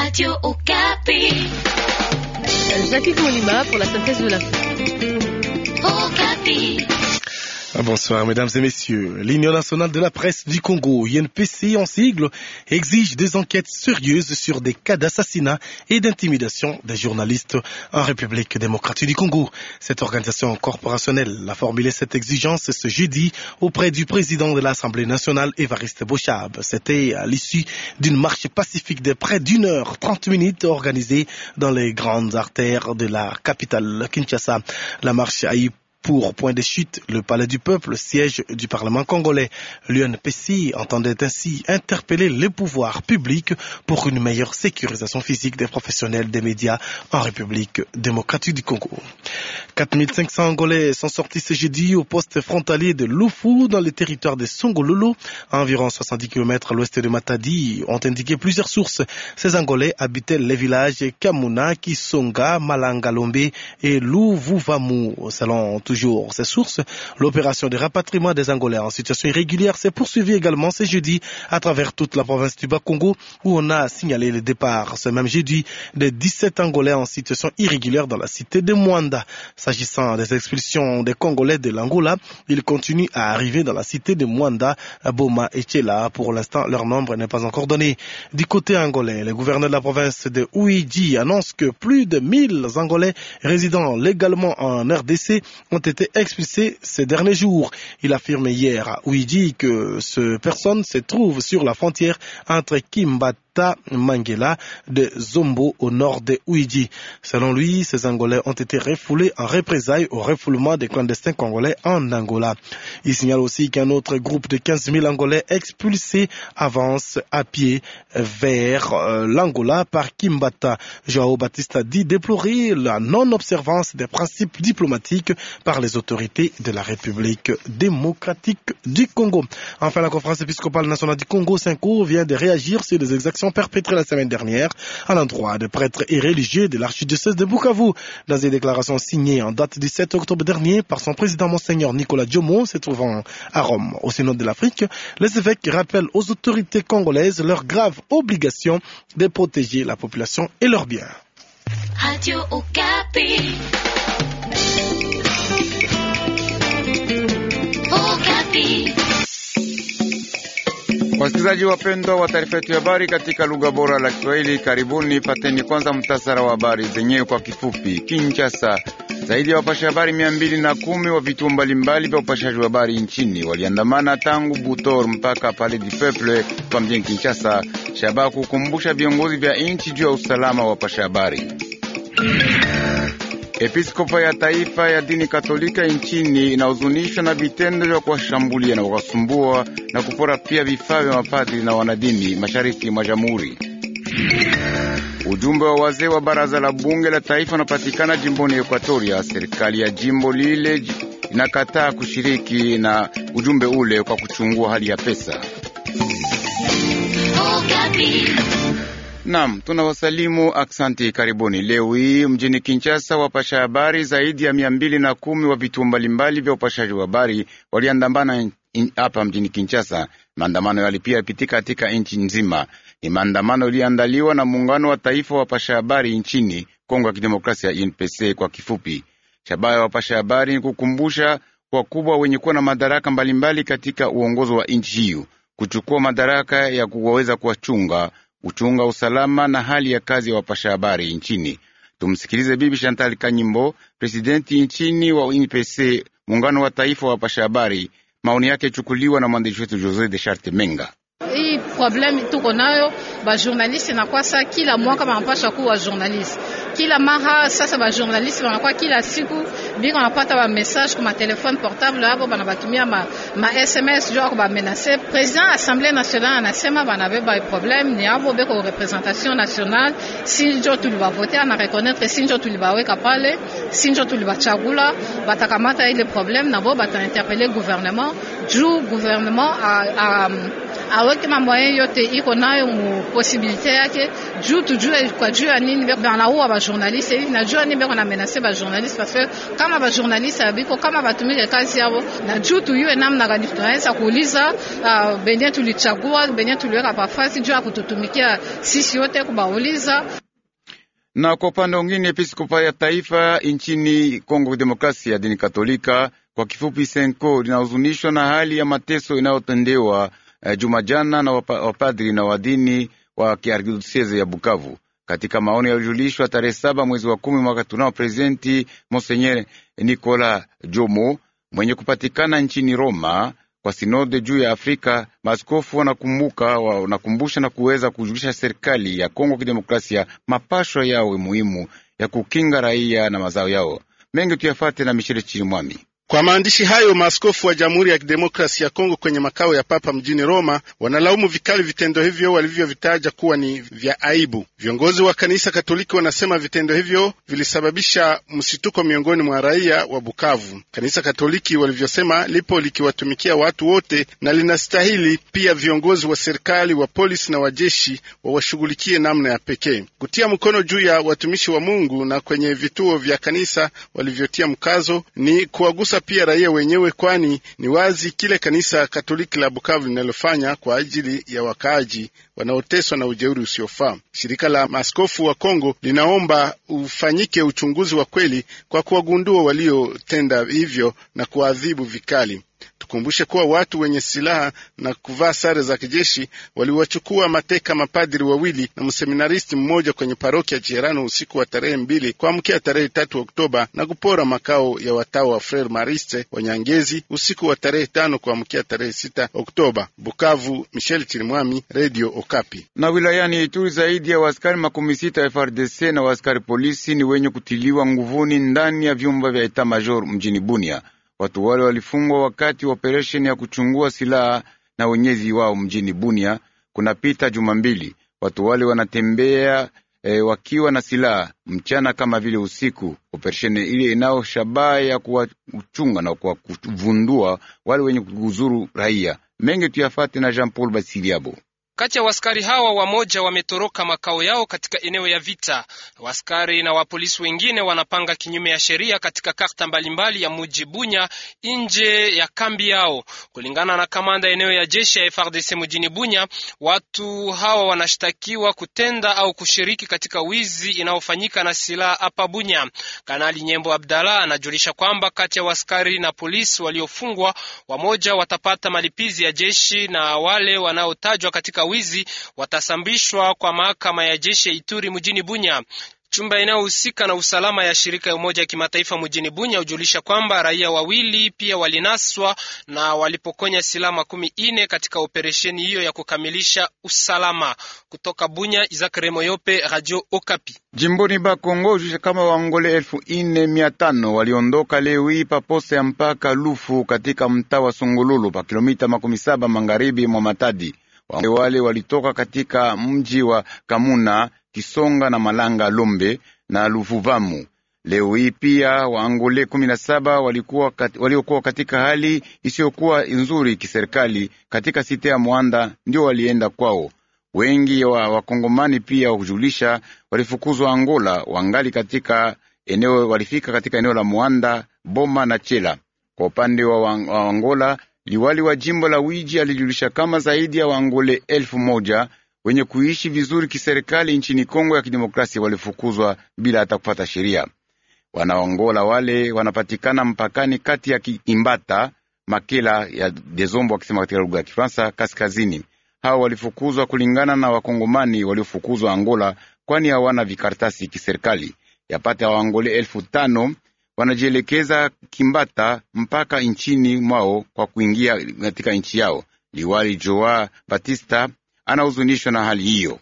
Radio Okapi. Jacques Colima pour la synthèse de la Okapi. Bonsoir, mesdames et messieurs. L'Union nationale de la presse du Congo, INPC en sigle, exige des enquêtes sérieuses sur des cas d'assassinat et d'intimidation des journalistes en République démocratique du Congo. Cette organisation corporationnelle a formulé cette exigence ce jeudi auprès du président de l'Assemblée nationale, Évariste Bochab. C'était à l'issue d'une marche pacifique de près d'une heure trente minutes organisée dans les grandes artères de la capitale Kinshasa. La marche a eu pour point de chute le palais du peuple, siège du Parlement congolais. L'UNPC entendait ainsi interpeller les pouvoirs publics pour une meilleure sécurisation physique des professionnels des médias en République démocratique du Congo. 4500 Angolais sont sortis ce jeudi au poste frontalier de Lufu dans le territoire de Songololo, à environ 70 km à l'ouest de Matadi, ont indiqué plusieurs sources. Ces Angolais habitaient les villages Kamuna, Kisonga, Malangalombe et Louvuvamu. Selon toujours ces sources, l'opération de rapatriement des Angolais en situation irrégulière s'est poursuivie également ce jeudi à travers toute la province du Bas-Congo où on a signalé le départ ce même jeudi de 17 Angolais en situation irrégulière dans la cité de Mwanda. S'agissant des expulsions des Congolais de l'Angola, ils continuent à arriver dans la cité de Mwanda, Boma et Tchela. Pour l'instant, leur nombre n'est pas encore donné. Du côté angolais, le gouverneur de la province de Ouidji annonce que plus de 1000 Angolais résidant légalement en RDC ont été expulsés ces derniers jours. Il affirme hier à Ouidji que ce personnes se trouve sur la frontière entre Kimbat Manguela Mangela de Zombo au nord de Ouidji. Selon lui, ces Angolais ont été refoulés en représailles au refoulement des clandestins congolais en Angola. Il signale aussi qu'un autre groupe de 15 000 Angolais expulsés avance à pied vers euh, l'Angola par Kimbata. Joao Batista dit déplorer la non-observance des principes diplomatiques par les autorités de la République démocratique du Congo. Enfin, la conférence épiscopale nationale du Congo, Cinco, vient de réagir sur les exactions perpétrée la semaine dernière à l'endroit de prêtres et religieux de l'archidiocèse de Bukavu. Dans une déclaration signée en date du 7 octobre dernier par son président Monseigneur Nicolas Diomo, se trouvant à Rome, au Sénat de l'Afrique, les évêques rappellent aux autorités congolaises leur grave obligation de protéger la population et leurs biens. Radio Wasikilizaji wapendwa wa taarifa yetu ya habari katika lugha bora la Kiswahili, karibuni. Pateni kwanza mtasara wa habari zenyewe kwa kifupi. Kinshasa, zaidi ya wapasha habari mia mbili na kumi wa vituo mbalimbali vya upashaji wa habari nchini waliandamana tangu Butor mpaka pale di Peple kwa mjini Kinshasa, shabaha kukumbusha viongozi vya nchi juu ya usalama wa wapasha habari. Episkopa ya taifa ya dini Katolika nchini inahuzunishwa na vitendo vya kuwashambulia na kuwasumbua na kupora pia vifaa vya mapadri na wanadini mashariki mwa jamhuri. Ujumbe wa wazee wa baraza la bunge la taifa unapatikana jimboni Ekuatoria. Serikali ya jimbo lile inakataa kushiriki na ujumbe ule kwa kuchungua hali ya pesa. Oh, Naam, tunawasalimu aksanti, karibuni. Leo hii mjini Kinshasa, wapasha habari zaidi ya mia mbili na kumi wa vituo mbalimbali vya upashaji wa habari waliandamana hapa mjini Kinshasa. Maandamano yalipia pitika katika nchi nzima. Ni maandamano yaliyoandaliwa na muungano wa taifa wa wapasha habari nchini Kongo ya Kidemokrasia, UNPC kwa kifupi. Shabaha ya wapasha habari ni kukumbusha wakubwa wenye kuwa na madaraka mbalimbali katika uongozi wa nchi hiyo kuchukua madaraka ya kuwaweza kuwachunga uchunga usalama na hali ya kazi ya wapasha habari nchini. Tumsikilize Bibi Chantal Kanyimbo, presidenti nchini wa UNPC, muungano wa taifa wa wapasha habari. Maoni yake chukuliwa na mwandishi wetu Jose de Charte Menga. Hii quoi tuko nayo la inakuwa comme kila mwaka chacun kuwa journaliste kila mara. Sasa bajournaliste wanakuwa kila siku biko napata ba message kwa téléphone portable hapo, banabakimia ma, ma SMS genre bah menacé. Président, Assemblée nationale anasema ba e probleme ni avo beko representation nationale, sinjo vote na reconnaître, sinjo weka pale, sinjo tulibachagula, batakamata ile probleme nabo interpeller gouvernement juu gouvernement a, a aweke mambo yao yote iko nayo mu posibilite yake juu tujue kwa juu ya nini banaua bajournaliste hivi najua nini beko na menase bajournaliste parce que kama bajournaliste abiko kama batumike kazi yabo na juu tuyue namna gani tunaweza kuuliza uh, benye tulichagua benye tuliweka pafasi juu ya kututumikia sisi yote kubauliza na kwa upande mwingine episkopa ya taifa nchini Kongo Demokrasia ya dini Katolika, kwa kifupi Senko, linahuzunishwa na hali ya mateso inayotendewa uh, eh, Jumajana na wapadri na wadini wa kiarkidioseze ya Bukavu katika maoni yaliyojulishwa tarehe saba mwezi wa kumi mwaka tunao, Prezidenti Monsenyer Nicola Jomo mwenye kupatikana nchini Roma kwa sinode juu ya Afrika, maaskofu wanakumbuka wanakumbusha na kuweza kujulisha serikali ya Kongo Kidemokrasia mapashwa yao muhimu ya kukinga raia na mazao yao mengi. Tuyafate na Mishele Chirimwami. Kwa maandishi hayo, maaskofu wa Jamhuri ya Kidemokrasi ya Kongo kwenye makao ya Papa mjini Roma wanalaumu vikali vitendo hivyo walivyovitaja kuwa ni vya aibu. Viongozi wa Kanisa Katoliki wanasema vitendo hivyo vilisababisha msituko miongoni mwa raia wa Bukavu. Kanisa Katoliki walivyosema lipo likiwatumikia watu wote na linastahili pia viongozi wa serikali, wa polisi na wajeshi wawashughulikie namna ya pekee, kutia mkono juu ya watumishi wa Mungu na kwenye vituo vya kanisa walivyotia mkazo ni kuwagusa pia raia wenyewe, kwani ni wazi kile kanisa Katoliki la Bukavu linalofanya kwa ajili ya wakaaji wanaoteswa na ujeuri usiofaa. Shirika la maskofu wa Kongo linaomba ufanyike uchunguzi wa kweli kwa kuwagundua waliotenda hivyo na kuwaadhibu vikali. Tukumbushe kuwa watu wenye silaha na kuvaa sare za kijeshi waliwachukua mateka mapadri wawili na mseminaristi mmoja kwenye parokia ya Jirano usiku wa tarehe mbili kuamkia tarehe tatu Oktoba na kupora makao ya watawa wa frer Mariste Wanyangezi usiku wa tarehe tano kuamkia tarehe sita Oktoba. Bukavu, Michel Chirimwami, Radio Okapi. Na wilayani Ituri zaidi ya waskari makumi sita FRDC na waskari polisi ni wenye kutiliwa nguvuni ndani ya vyumba vya etamajor mjini Bunia. Watu wale walifungwa wakati wa operesheni ya kuchungua silaha na wenyezi wao mjini Bunia. Kunapita juma mbili, watu wale wanatembea e, wakiwa na silaha mchana kama vile usiku. Operesheni ile inao shabaha ya kuwachunga na kuwavundua wale wenye kuzuru raia. Mengi tuyafate na Jean Paul Basiliabo. Kati ya waskari hawa wamoja wametoroka makao yao katika eneo ya vita. Waskari na wapolisi wengine wanapanga kinyume ya sheria katika karta mbalimbali ya muji Bunya nje ya kambi yao. Kulingana na kamanda eneo ya jeshi ya FRDC mjini Bunya, watu hawa wanashtakiwa kutenda au kushiriki katika wizi inayofanyika na silaha hapa Bunya. Kanali Nyembo Abdalla anajulisha kwamba kati ya waskari na polisi waliofungwa, wamoja watapata malipizi ya jeshi na wale wanaotajwa katika wizi watasambishwa kwa mahakama ya jeshi ya Ituri mjini Bunya. Chumba inayohusika na usalama ya shirika ya Umoja ya Kimataifa mjini Bunya hujulisha kwamba raia wawili pia walinaswa na walipokonya silaha makumi ine katika operesheni hiyo ya kukamilisha usalama. Kutoka Bunya, Isak Remoyope, Radio Okapi. Jimboni Bakongo hujulisha kama waongole elfu ine mia tano waliondoka leo hii papose ya mpaka Lufu katika mtaa wa Sungululu pa kilomita makumi saba magharibi mwa Matadi wale walitoka katika mji wa Kamuna, Kisonga na Malanga, Lombe na Luvuvamu. Leo hii pia Waangole kumi na saba waliokuwa kat, katika hali isiyokuwa nzuri kiserikali katika site ya Mwanda ndio walienda kwao. Wengi wa Wakongomani pia wakujulisha walifukuzwa Angola, wangali katika eneo walifika katika eneo la Mwanda, Boma na Chela. Kwa upande wa Angola Liwali wa jimbo la Wiji alijulisha kama zaidi ya Waangole elfu moja wenye kuishi vizuri kiserikali nchini Kongo ya Kidemokrasia walifukuzwa bila hata kufata sheria. Wanaongola wale wanapatikana mpakani kati ya Kiimbata Makela ya Dezombo, wakisema katika lugha ya Kifaransa, kaskazini. Hao walifukuzwa kulingana na Wakongomani waliofukuzwa Angola, kwani hawana vikaratasi kiserikali. Yapata Waangole elfu tano wanajielekeza Kimbata mpaka nchini mwao kwa kuingia katika nchi yao. Liwali Joa Batista anahuzunishwa na hali hiyo.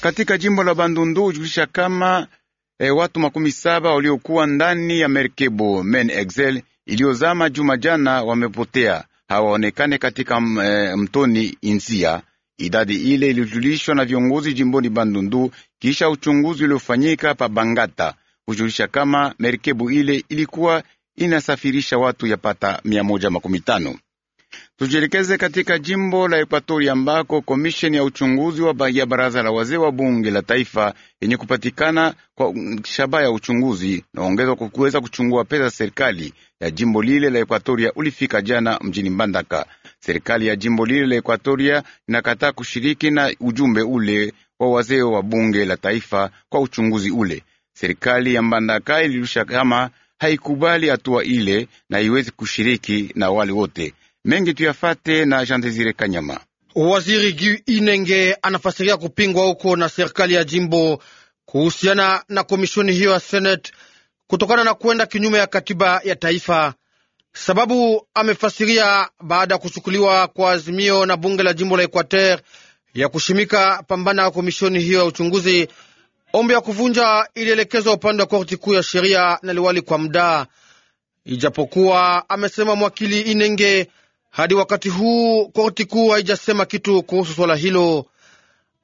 Katika jimbo la Bandundu hujulisha kama e, watu makumi saba waliokuwa ndani ya merkebo Men Excel iliyozama juma jana wamepotea, hawaonekane katika e, mtoni Insia. Idadi ile ilijulishwa na viongozi jimboni Bandundu kisha uchunguzi uliofanyika pa Bangata hujulisha kama merikebu ile ilikuwa inasafirisha watu yapata mia moja makumi tano. Tujielekeze katika jimbo la Ekuatoria ambako komisheni ya uchunguzi wa ya baraza la wazee wa bunge la taifa yenye kupatikana kwa shabaha ya uchunguzi naongezwa kwa kuweza kuchungua pesa za serikali ya jimbo lile la Ekuatoria ulifika jana mjini Mbandaka. Serikali ya jimbo lile la Ekuatoria inakataa kushiriki na ujumbe ule wa wazee wa bunge la taifa kwa uchunguzi ule. Serikali ya Mbandaka ilirusha kama haikubali hatua ile na iwezi kushiriki na wale wote. Mengi tuyafate na Jean Desire Kanyama. Waziri Gu Inenge anafasiria kupingwa huko na serikali ya jimbo kuhusiana na komishoni hiyo ya seneti kutokana na kwenda kinyume ya katiba ya taifa. Sababu amefasiria baada ya kuchukuliwa kwa azimio na bunge la jimbo la Equateur ya kushimika pambana ya komishoni hiyo ya uchunguzi Ombi ya kuvunja ilielekezwa upande wa korti kuu ya sheria na liwali kwa muda, ijapokuwa amesema mwakili Inenge, hadi wakati huu korti kuu haijasema kitu kuhusu swala hilo.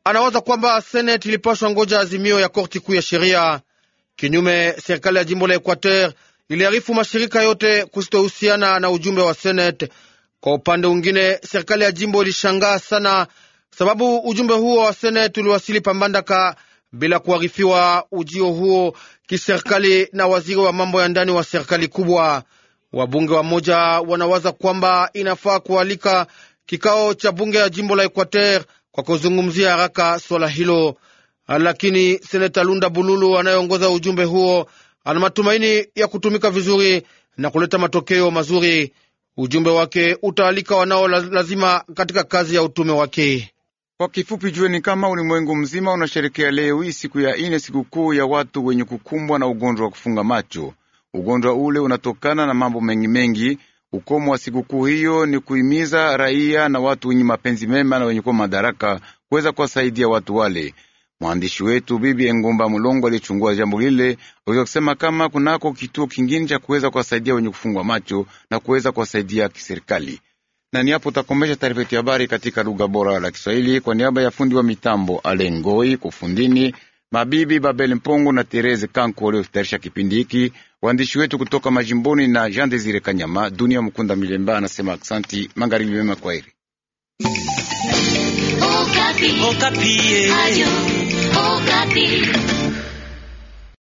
Anawaza kwamba seneti ilipashwa ngoja azimio ya korti kuu ya sheria. Kinyume, serikali ya jimbo la Equateur iliarifu mashirika yote kusitohusiana na ujumbe wa seneti. Kwa upande mwingine, serikali ya jimbo ilishangaa sana sababu ujumbe huo wa seneti uliwasili Pambandaka bila kuarifiwa ujio huo kiserikali na waziri wa mambo ya ndani wa serikali kubwa. Wabunge wa moja wanawaza kwamba inafaa kualika kikao cha bunge ya jimbo la Equateur kwa kuzungumzia haraka swala hilo, lakini seneta Lunda Bululu anayeongoza ujumbe huo ana matumaini ya kutumika vizuri na kuleta matokeo mazuri. Ujumbe wake utaalika wanao lazima katika kazi ya utume wake. Kwa kifupi, jueni kama ulimwengu mzima unasherekea leo hii siku ya ine, sikukuu ya watu wenye kukumbwa na ugonjwa wa kufunga macho. Ugonjwa ule unatokana na mambo mengi mengi. Ukomo wa sikukuu hiyo ni kuhimiza raia na watu wenye mapenzi mema na wenye kuwa madaraka kuweza kuwasaidia watu wale. Mwandishi wetu Bibi Engumba Mulongo alichungua jambo lile, aweza kusema kama kunako kituo kingine cha kuweza kuwasaidia wenye kufungwa macho na kuweza kuwasaidia kiserikali na ni hapo utakomesha taarifa yetu ya habari katika lugha bora la Kiswahili. Kwa niaba ya fundi wa mitambo Alengoi Kufundini, Mabibi Babel Mpongo na Therese Kanku waliotayarisha kipindi hiki, waandishi wetu kutoka majimboni na Jean Desire Kanyama. Dunia Mkunda Milemba anasema asanti, magharibi mema, heri. Okapi. Okapi. Eh.